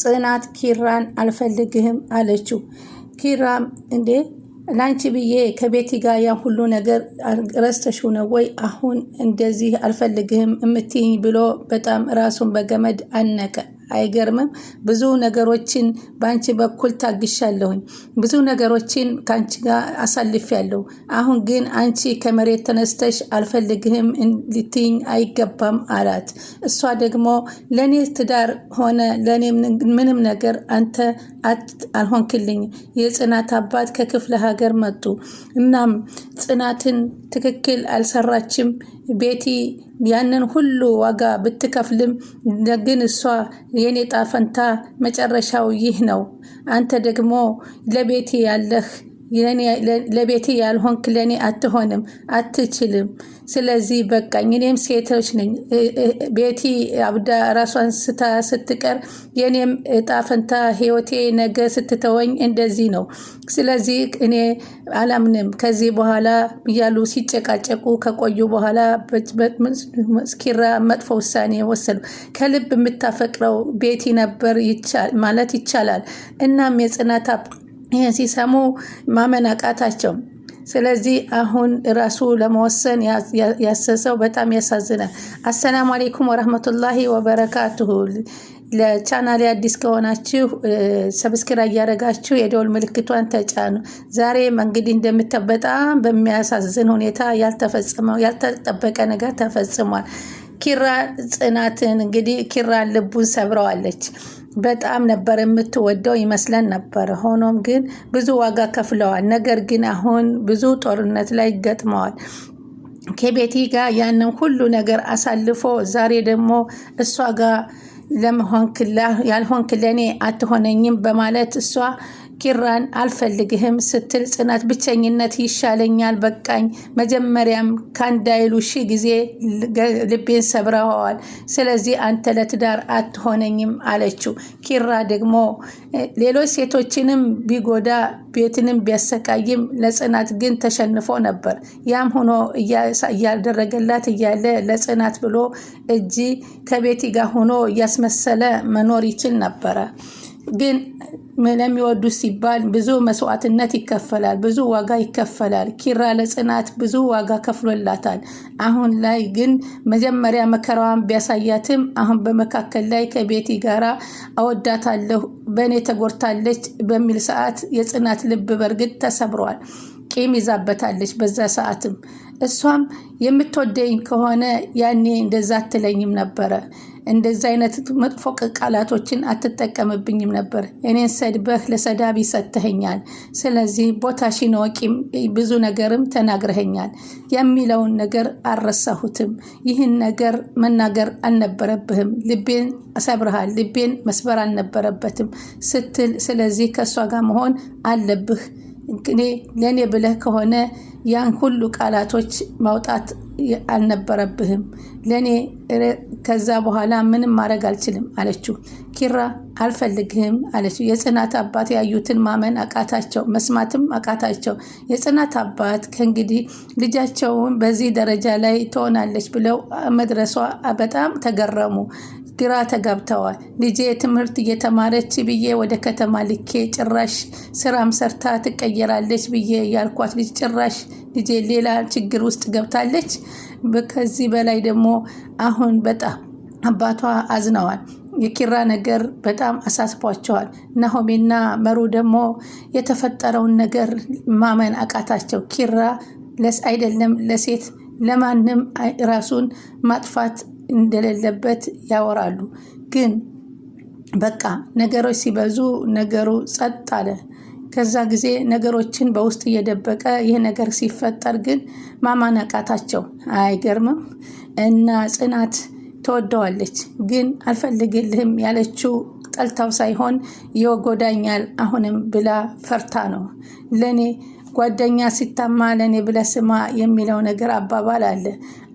ጽናት ኪራን አልፈልግህም አለችው። ኪራም እንዴ ላንቺ ብዬ ከቤቲ ጋር ያ ሁሉ ነገር ረስተሽው ነው ወይ አሁን እንደዚህ አልፈልግህም እምትይኝ ብሎ በጣም ራሱን በገመድ አነቀ። አይገርምም? ብዙ ነገሮችን በአንቺ በኩል ታግሻለሁኝ። ብዙ ነገሮችን ከአንቺ ጋር አሳልፊያለሁ። አሁን ግን አንቺ ከመሬት ተነስተሽ አልፈልግህም እንድትይኝ አይገባም አላት። እሷ ደግሞ ለእኔ ትዳር ሆነ ለእኔ ምንም ነገር አንተ አልሆንክልኝ። የጽናት አባት ከክፍለ ሀገር መጡ። እናም ጽናትን ትክክል አልሰራችም ቤቲ ያንን ሁሉ ዋጋ ብትከፍልም ግን እሷ የኔ ጣፈንታ መጨረሻው ይህ ነው። አንተ ደግሞ ለቤቴ ያለህ ለቤቴ ያልሆንክ ለእኔ አትሆንም፣ አትችልም። ስለዚህ በቃኝ። እኔም ሴቶች ነኝ። ቤቲ አብዳ ራሷን ስታ ስትቀር የእኔም እጣፈንታ ህይወቴ ነገ ስትተወኝ እንደዚህ ነው። ስለዚህ እኔ አላምንም ከዚህ በኋላ እያሉ ሲጨቃጨቁ ከቆዩ በኋላ ስኪራ መጥፎ ውሳኔ ወሰዱ። ከልብ የምታፈቅረው ቤቲ ነበር ማለት ይቻላል። እናም የጽናት ይህን ሲሰሙ ማመን አቃታቸው። ስለዚህ አሁን ራሱ ለመወሰን ያሰሰው በጣም ያሳዝናል። አሰላሙ አሌይኩም ወረህመቱላሂ ወበረካቱሁ። ለቻናሌ አዲስ ከሆናችሁ ሰብስክራ እያደረጋችሁ የደወል ምልክቷን ተጫኑ። ዛሬም እንግዲህ እንደምታዩት በጣም በሚያሳዝን ሁኔታ ያልተጠበቀ ነገር ተፈጽሟል። ኪራ ጽናትን እንግዲህ ኪራን ልቡን ሰብረዋለች። በጣም ነበር የምትወደው ይመስለን ነበር። ሆኖም ግን ብዙ ዋጋ ከፍለዋል። ነገር ግን አሁን ብዙ ጦርነት ላይ ገጥመዋል። ከቤቲ ጋር ያንን ሁሉ ነገር አሳልፎ ዛሬ ደግሞ እሷ ጋር ያልሆንክ ለእኔ አትሆነኝም በማለት እሷ ኪራን አልፈልግህም ስትል ጽናት ብቸኝነት ይሻለኛል፣ በቃኝ። መጀመሪያም ካንዳይሉ ሺ ጊዜ ልቤን ሰብረኸዋል። ስለዚህ አንተ ለትዳር አትሆነኝም አለችው። ኪራ ደግሞ ሌሎች ሴቶችንም ቢጎዳ ቤትንም ቢያሰቃይም ለጽናት ግን ተሸንፎ ነበር። ያም ሆኖ እያደረገላት እያለ ለጽናት ብሎ እጅ ከቤቲ ጋር ሆኖ እያስመሰለ መኖር ይችል ነበረ ግን ለሚወዱ ሲባል ብዙ መስዋዕትነት ይከፈላል፣ ብዙ ዋጋ ይከፈላል። ኪራ ለጽናት ብዙ ዋጋ ከፍሎላታል። አሁን ላይ ግን መጀመሪያ መከራዋን ቢያሳያትም አሁን በመካከል ላይ ከቤቲ ጋራ አወዳታለሁ፣ በእኔ ተጎድታለች በሚል ሰዓት የጽናት ልብ በእርግጥ ተሰብሯል። ቂም ይዛበታለች። በዛ ሰዓትም እሷም የምትወደኝ ከሆነ ያኔ እንደዛ አትለኝም ነበረ እንደዚህ አይነት መጥፎ ቃላቶችን አትጠቀምብኝም ነበር። እኔን ሰድበህ ለሰዳቢ ሰጥተኸኛል። ስለዚህ ቦታሽን ወቂም ብዙ ነገርም ተናግረኸኛል የሚለውን ነገር አልረሳሁትም። ይህን ነገር መናገር አልነበረብህም። ልቤን ሰብረሃል። ልቤን መስበር አልነበረበትም ስትል ስለዚህ ከእሷ ጋር መሆን አለብህ እኔ ለእኔ ብለህ ከሆነ ያን ሁሉ ቃላቶች ማውጣት አልነበረብህም። ለእኔ ከዛ በኋላ ምንም ማድረግ አልችልም አለችው። ኪራ አልፈልግህም አለችው። የጽናት አባት ያዩትን ማመን አቃታቸው፣ መስማትም አቃታቸው። የጽናት አባት ከእንግዲህ ልጃቸውን በዚህ ደረጃ ላይ ትሆናለች ብለው መድረሷ በጣም ተገረሙ። ግራ ተጋብተዋል። ልጄ ትምህርት እየተማረች ብዬ ወደ ከተማ ልኬ ጭራሽ ስራም ሰርታ ትቀየራለች ብዬ ያልኳት ልጅ ጭራሽ ልጄ ሌላ ችግር ውስጥ ገብታለች። ከዚህ በላይ ደግሞ አሁን በጣም አባቷ አዝነዋል። የኪራ ነገር በጣም አሳስቧቸዋል። ናሆሜና መሩ ደግሞ የተፈጠረውን ነገር ማመን አቃታቸው። ኪራ ለስ አይደለም ለሴት ለማንም ራሱን ማጥፋት እንደሌለበት ያወራሉ። ግን በቃ ነገሮች ሲበዙ ነገሩ ጸጥ አለ። ከዛ ጊዜ ነገሮችን በውስጥ እየደበቀ ይህ ነገር ሲፈጠር ግን ማማነቃታቸው አይገርምም። እና ጽናት ትወደዋለች፣ ግን አልፈልግልህም ያለችው ጠልታው ሳይሆን ይጎዳኛል አሁንም ብላ ፈርታ ነው ለእኔ ጓደኛ ሲታማ ለእኔ ብለህ ስማ የሚለው ነገር አባባል አለ።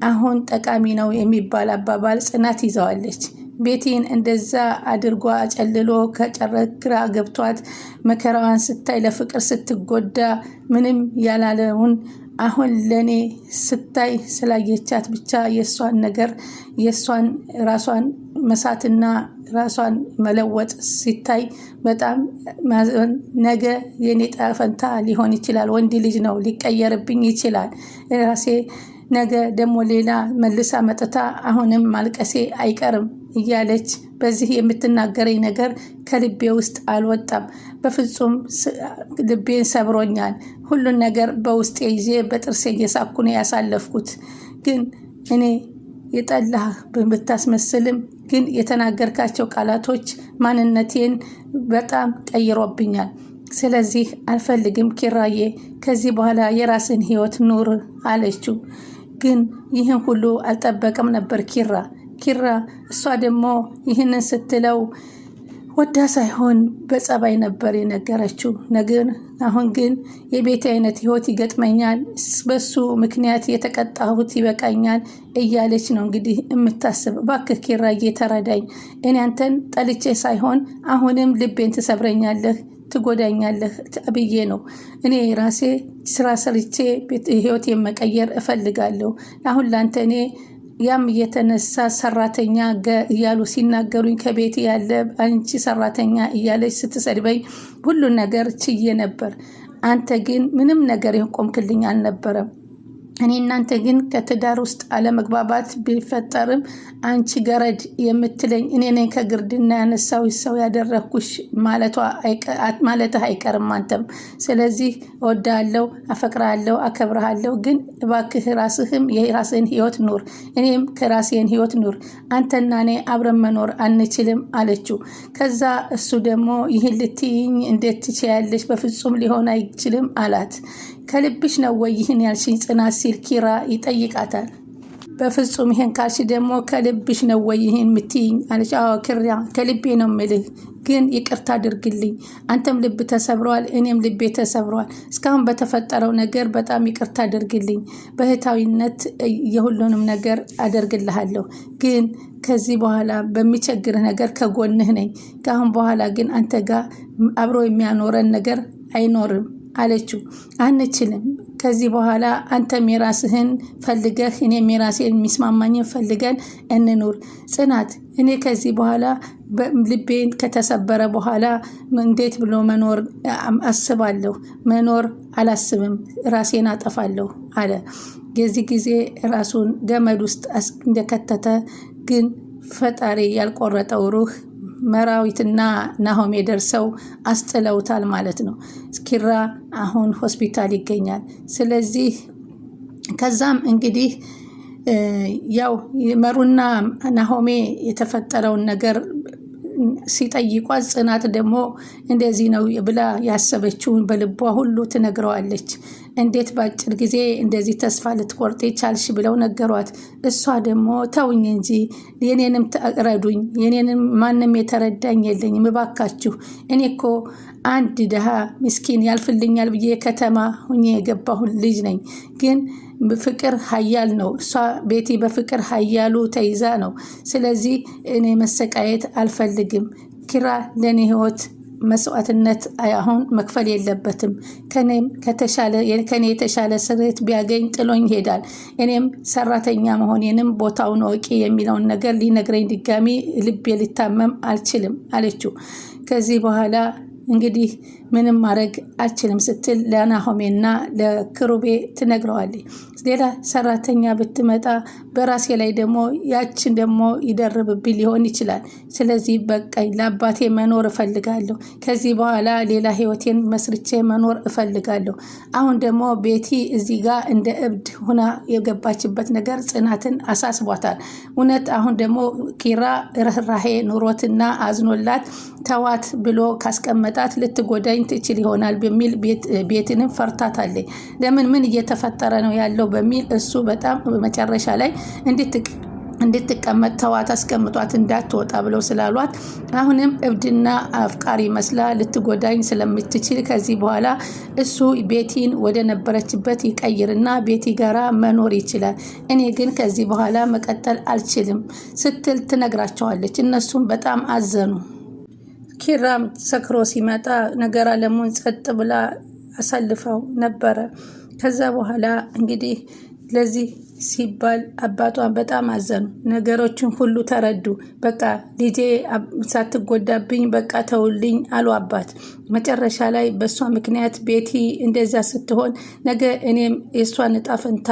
አሁን ጠቃሚ ነው የሚባል አባባል ጽናት ይዘዋለች። ቤቲን እንደዛ አድርጓ አጨልሎ ከጨረክራ ገብቷት መከራዋን ስታይ ለፍቅር ስትጎዳ ምንም ያላለውን አሁን ለእኔ ስታይ ስላየቻት ብቻ የእሷን ነገር የእሷን ራሷን መሳትና ራሷን መለወጥ ሲታይ በጣም ነገ የኔ ጠፈንታ ሊሆን ይችላል። ወንድ ልጅ ነው ሊቀየርብኝ ይችላል። ራሴ ነገ ደግሞ ሌላ መልሳ መጥታ አሁንም ማልቀሴ አይቀርም እያለች በዚህ የምትናገረኝ ነገር ከልቤ ውስጥ አልወጣም። በፍጹም ልቤን ሰብሮኛል። ሁሉን ነገር በውስጤ ይዤ በጥርሴ እየሳኩ ነው ያሳለፍኩት። ግን እኔ የጠላህ ብታስመስልም ግን የተናገርካቸው ቃላቶች ማንነቴን በጣም ቀይሮብኛል። ስለዚህ አልፈልግም ኪራዬ፣ ከዚህ በኋላ የራስን ህይወት ኑር አለችው። ግን ይህን ሁሉ አልጠበቅም ነበር ኪራ ኪራ እሷ ደግሞ ይህንን ስትለው ወዳ ሳይሆን በጸባይ ነበር የነገረችው። ነገር አሁን ግን የቤት አይነት ህይወት ይገጥመኛል፣ በሱ ምክንያት የተቀጣሁት ይበቃኛል እያለች ነው እንግዲህ የምታስብ። እባክህ ኪራዬ ተረዳኝ፣ እኔ አንተን ጠልቼ ሳይሆን አሁንም ልቤን ትሰብረኛለህ ትጎዳኛለህ ብዬ ነው። እኔ ራሴ ስራ ሰርቼ ህይወት የመቀየር እፈልጋለሁ። አሁን ላንተ እኔ ያም የተነሳ ሰራተኛ እያሉ ሲናገሩኝ ከቤት ያለ አንቺ ሰራተኛ እያለች ስትሰድበኝ ሁሉ ነገር ችዬ ነበር። አንተ ግን ምንም ነገር የቆምክልኝ አልነበረም። እኔ እናንተ ግን ከትዳር ውስጥ አለመግባባት ቢፈጠርም አንቺ ገረድ የምትለኝ እኔ ነኝ ከግርድና ያነሳው ሰው ያደረግኩሽ ማለትህ አይቀርም አንተም። ስለዚህ እወድሃለሁ፣ አፈቅርሃለሁ፣ አከብርሃለሁ ግን እባክህ ራስህም የራስህን ህይወት ኑር፣ እኔም ከራሴን ህይወት ኑር። አንተና እኔ አብረን መኖር አንችልም አለችው። ከዛ እሱ ደግሞ ይህን ልትይኝ እንዴት ትችያለሽ? በፍጹም ሊሆን አይችልም አላት። ከልብሽ ነው ወይ ይህን ያልሽኝ ጽናት ሲል ኪራ ይጠይቃታል። በፍጹም ይህን ካልሽ ደግሞ ከልብሽ ነው ወይ ይህን የምትይኝ አለች። አዎ ከልቤ ነው ምልህ፣ ግን ይቅርታ አድርግልኝ። አንተም ልብ ተሰብረዋል፣ እኔም ልቤ ተሰብረዋል። እስካሁን በተፈጠረው ነገር በጣም ይቅርታ አድርግልኝ። በእህታዊነት የሁሉንም ነገር አደርግልሃለሁ፣ ግን ከዚህ በኋላ በሚቸግርህ ነገር ከጎንህ ነኝ። ከአሁን በኋላ ግን አንተ ጋር አብሮ የሚያኖረን ነገር አይኖርም። አለችው። አንችልም። ከዚህ በኋላ አንተም የራስህን ፈልገህ እኔም የራሴ የሚስማማኝን ፈልገን እንኑር። ጽናት፣ እኔ ከዚህ በኋላ ልቤን ከተሰበረ በኋላ እንዴት ብሎ መኖር አስባለሁ? መኖር አላስብም፣ ራሴን አጠፋለሁ አለ። የዚህ ጊዜ ራሱን ገመድ ውስጥ እንደከተተ ግን ፈጣሪ ያልቆረጠው ሩህ መራዊትና ናሆሜ ደርሰው አስጥለውታል ማለት ነው። ኪራ አሁን ሆስፒታል ይገኛል። ስለዚህ ከዛም እንግዲህ ያው መሩና ናሆሜ የተፈጠረውን ነገር ሲጠይቋት ጽናት ደግሞ እንደዚህ ነው ብላ ያሰበችውን በልቧ ሁሉ ትነግረዋለች። እንዴት በአጭር ጊዜ እንደዚህ ተስፋ ልትቆርጥ ቻልሽ? ብለው ነገሯት። እሷ ደግሞ ተውኝ እንጂ የኔንም ረዱኝ፣ የኔንም ማንም የተረዳኝ የለኝም፣ እባካችሁ እኔ እኮ አንድ ድሃ ምስኪን ያልፍልኛል ብዬ ከተማ ሁኜ የገባሁን ልጅ ነኝ ግን ፍቅር ሀያል ነው። እሷ ቤቲ በፍቅር ሀያሉ ተይዛ ነው። ስለዚህ እኔ መሰቃየት አልፈልግም። ኪራ ለእኔ ህይወት መስዋዕትነት አሁን መክፈል የለበትም። ከኔ የተሻለ ስሬት ቢያገኝ ጥሎኝ ይሄዳል። እኔም ሰራተኛ መሆኔንም ቦታውን ወቂ የሚለውን ነገር ሊነግረኝ ድጋሚ ልቤ ልታመም አልችልም አለችው። ከዚህ በኋላ እንግዲህ ምንም ማድረግ አልችልም ስትል ለናሆሜና ለክሩቤ ትነግረዋለች። ሌላ ሰራተኛ ብትመጣ በራሴ ላይ ደግሞ ያችን ደግሞ ይደርብብኝ ሊሆን ይችላል። ስለዚህ በቃኝ፣ ለአባቴ መኖር እፈልጋለሁ። ከዚህ በኋላ ሌላ ህይወቴን መስርቼ መኖር እፈልጋለሁ። አሁን ደግሞ ቤቲ እዚህ ጋር እንደ እብድ ሁና የገባችበት ነገር ጽናትን አሳስቧታል። እውነት አሁን ደግሞ ኪራ ርኅራሄ ኑሮትና አዝኖላት ተዋት ብሎ ካስቀመጠ ብትፈታት ልትጎዳኝ ትችል ይሆናል በሚል ቤትንም ፈርታታለች። ለምን ምን እየተፈጠረ ነው ያለው በሚል እሱ በጣም መጨረሻ ላይ እንድትቅ እንድትቀመጥ ተዋት፣ አስቀምጧት እንዳትወጣ ብለው ስላሏት አሁንም እብድና አፍቃሪ መስላ ልትጎዳኝ ስለምትችል ከዚህ በኋላ እሱ ቤቲን ወደ ነበረችበት ይቀይርና ቤቲ ጋራ መኖር ይችላል፣ እኔ ግን ከዚህ በኋላ መቀጠል አልችልም ስትል ትነግራቸዋለች። እነሱም በጣም አዘኑ። ኪራም ሰክሮ ሲመጣ ነገር አለሙን ጸጥ ብላ አሳልፈው ነበረ። ከዛ በኋላ እንግዲህ ለዚህ ሲባል አባቷን በጣም አዘኑ። ነገሮችን ሁሉ ተረዱ። በቃ ልጄ ሳትጎዳብኝ በቃ ተውልኝ አሉ አባት። መጨረሻ ላይ በእሷ ምክንያት ቤቲ እንደዚያ ስትሆን ነገ እኔም የእሷን እጣ ፈንታ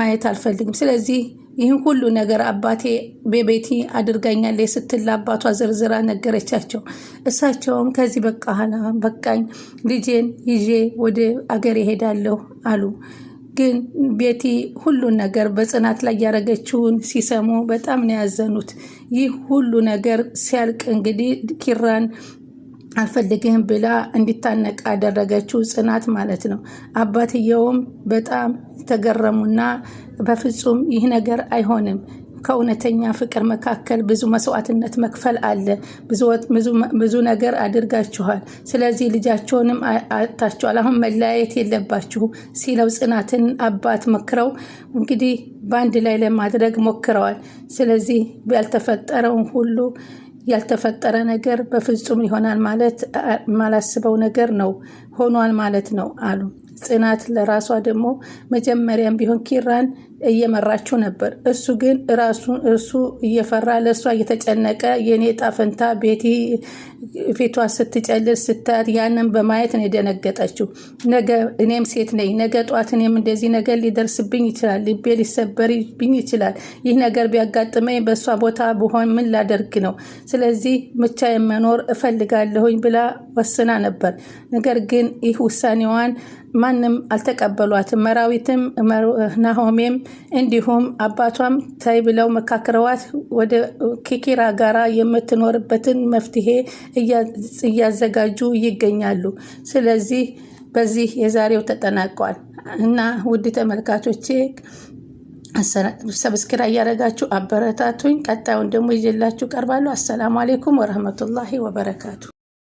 ማየት አልፈልግም። ስለዚህ ይህን ሁሉ ነገር አባቴ በቤቲ አድርጋኛለች ስትል አባቷ ዝርዝራ ነገረቻቸው። እሳቸውም ከዚህ በቃህና በቃኝ፣ ልጄን ይዤ ወደ አገር ይሄዳለሁ አሉ። ግን ቤቲ ሁሉን ነገር በጽናት ላይ ያደረገችውን ሲሰሙ በጣም ነው ያዘኑት። ይህ ሁሉ ነገር ሲያልቅ እንግዲህ ኪራን አልፈልግህም ብላ እንዲታነቅ አደረገችው ጽናት ማለት ነው። አባትየውም በጣም ተገረሙና በፍጹም ይህ ነገር አይሆንም ከእውነተኛ ፍቅር መካከል ብዙ መስዋዕትነት መክፈል አለ። ብዙ ነገር አድርጋችኋል። ስለዚህ ልጃቸውንም አጥታችኋል። አሁን መለያየት የለባችሁ ሲለው ጽናትን አባት መክረው እንግዲህ በአንድ ላይ ለማድረግ ሞክረዋል። ስለዚህ ያልተፈጠረውን ሁሉ ያልተፈጠረ ነገር በፍጹም ይሆናል ማለት የማላስበው ነገር ነው ሆኗል ማለት ነው አሉ። ጽናት ለራሷ ደግሞ መጀመሪያም ቢሆን ኪራን እየመራችው ነበር። እሱ ግን እሱ እየፈራ ለእሷ እየተጨነቀ የኔ ጣፈንታ ቤቲ ፊቷ ስትጨልል ስታት ያንን በማየት ነው የደነገጠችው። ነገ እኔም ሴት ነኝ፣ ነገ ጠዋት እኔም እንደዚህ ነገር ሊደርስብኝ ይችላል፣ ልቤ ሊሰበርብኝ ይችላል። ይህ ነገር ቢያጋጥመኝ በእሷ ቦታ ብሆን ምን ላደርግ ነው? ስለዚህ ብቻዬን መኖር እፈልጋለሁኝ ብላ ወስና ነበር። ነገር ግን ይህ ውሳኔዋን ማንም አልተቀበሏትም። መራዊትም ናሆሜም እንዲሁም አባቷም ታይ ብለው መካክረዋት ወደ ኪኪራ ጋራ የምትኖርበትን መፍትሄ እያዘጋጁ ይገኛሉ። ስለዚህ በዚህ የዛሬው ተጠናቋል እና ውድ ተመልካቾቼ ሰብስክራ እያደረጋችሁ አበረታቱኝ። ቀጣዩን ደግሞ ይዤላችሁ ቀርባለሁ። አሰላሙ አሌይኩም ወረህመቱላሂ ወበረካቱ